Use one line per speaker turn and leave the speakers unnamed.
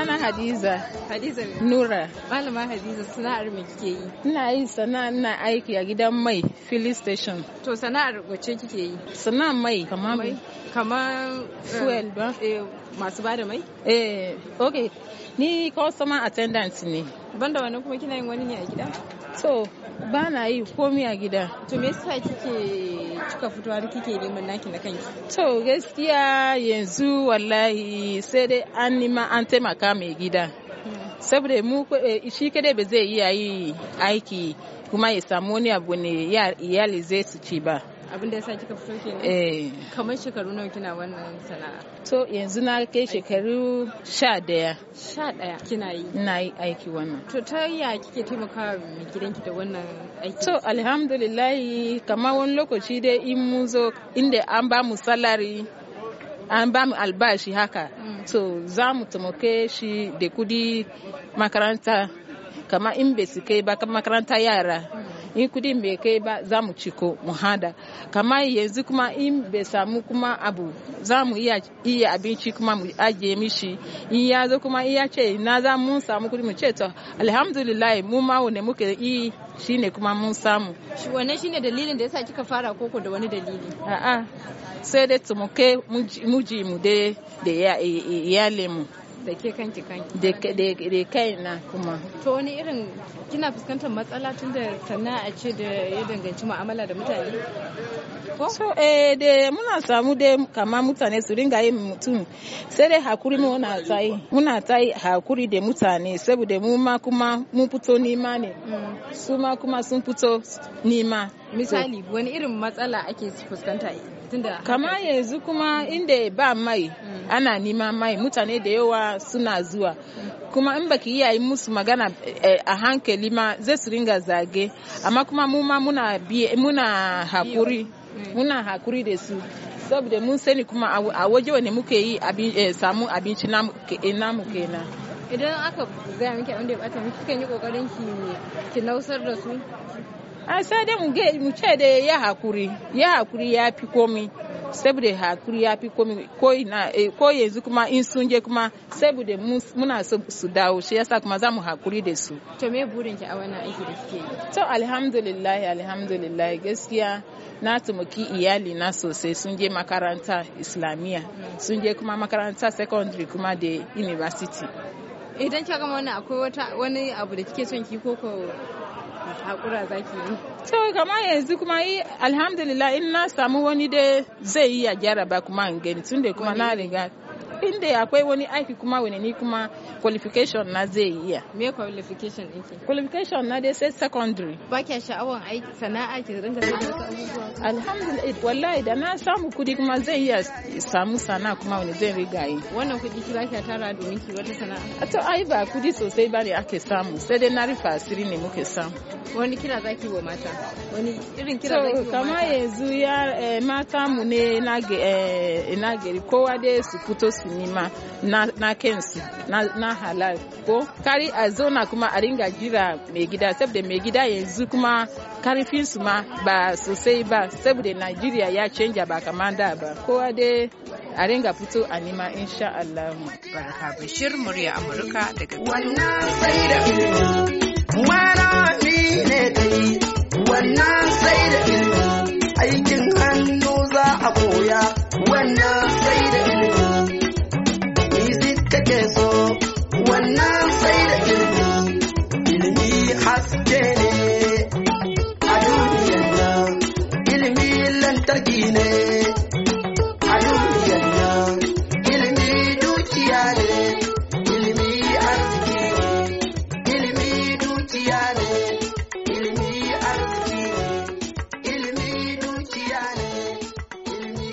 Sunana Hadiza. Hadiza ne. Nura. Malama
Hadiza sana'ar me kike yi?
Ina yi sana'ar na aiki a gidan mai filling station. To sana'ar wacce kike yi? Sana'ar mai kamar mai kamar eh, fuel ba? Eh masu bada mai? Eh okay. Ni customer attendant ne. Banda wannan kuma kina yin
wani ne a gida?
So ba na yi komi a gida. To me yasa
kike kika fito har kike neman naki na kanki?
To gaskiya yanzu wallahi sai dai an nima an taimaka mai gida. Saboda mu eh, shi kadai ba zai iya yi aiki kuma ya samu wani abu ne iyali zai su ci ba.
abinda ya sa kika fito kenan eh kamar shekaru nawa kina wannan sana'a
to yanzu na kai shekaru 11
11
kina yi ina yi aiki wannan to ta ya kike taimaka mai gidanki da wannan aiki to alhamdulillahi kamar wani lokaci dai in mun zo inda an ba mu salari an ba mu albashi haka so mm. za mu taimake shi da kudi makaranta kamar in bai su kai ba makaranta yara mm. in kudin bai kai ba za mu ciko mu hada kama yanzu kuma in bai samu kuma abu za mu iya iya abinci kuma mu ajiye mishi in ya zo kuma iya ce na za mu samu kudi mu ce to alhamdulillah mu ma wane muke yi shine kuma mun samu
shi wannan shine dalilin da yasa kika fara koko da wani dalili
a'a sai dai tumuke muji mu ji mu da da ke kanki kanki da kai na kuma
to wani irin kina fuskantar matsala tun da sana'a ce da ya danganci mu'amala da mutane
so eh da muna samu de kama mutane su ringa yin mutum sai dai hakuri mu na tsayi. muna tsayi hakuri da mutane saboda mu ma kuma mun fito nima ne mm. su ma kuma sun fito nima misali
wani irin matsala ake fuskanta tunda kama
yanzu kuma inda ba mai mm. ana nima mai mutane da yawa suna zuwa kuma in baki yi musu magana eh, a hankali ma zai su ringa zage amma kuma mu ma muna muna hakuri mm. muna hakuri da su saboda mun sani kuma a waje wane muke yi eh, samu abinci eh, namu kenan
idan aka gaya miki abin ya bata miki kan yi kokarin
ki nausar da su a sai dai mu ce da ya hakuri ya hakuri ya fi komi saboda hakuri ya fi komi eh, ko yanzu kuma in sun je kuma saboda muna so su dawo shi yasa kuma za mu hakuri da su to me burin ki a wannan aiki da kike yi to alhamdulillah alhamdulillah gaskiya na tumuki iyali na sosai sun je makaranta islamiyya sun je kuma makaranta secondary kuma da university
idan kika gama wannan akwai wani abu da kike son ki koko hakura zaki yi
to kama yanzu kuma yi alhamdulillah in na samu wani dai zai yi a gyara ba kuma in gani tunda kuma na riga inda akwai wani aiki kuma wani ni kuma qualification na zai iya
me qualification ɗinki
qualification na dai sai secondary ba kya sha'awar aiki sana'a ki ringa zai wasu
abubuwa
alhamdulillah wallahi da na samu kudi kuma zai iya samu sana'a kuma wani zai riga yi
wannan kudi ki zaki tara domin ki wata sana'a
to ai ba kudi sosai ba ne ake samu sai dai na rufa asiri ne muke samu
wani kira zaki wa mata wani irin kira zaki wa mata kama
yanzu ya eh, mata mu ne eh, na gari kowa dai su fito su nima na na kensu na na halal ko kari a zona kuma a ringa jira mai gida saboda mai gida yanzu kuma karfin su ma ba sosai ba saboda nigeria ya canja ba kamar da ba kowa dai a ringa fito a nima insha Allah barka bashir murya Amurka daga wannan sai da
ne dai wannan kake so wannan sai da ilimi ilimi haske ne a duniyar nan ilimi lantarki ne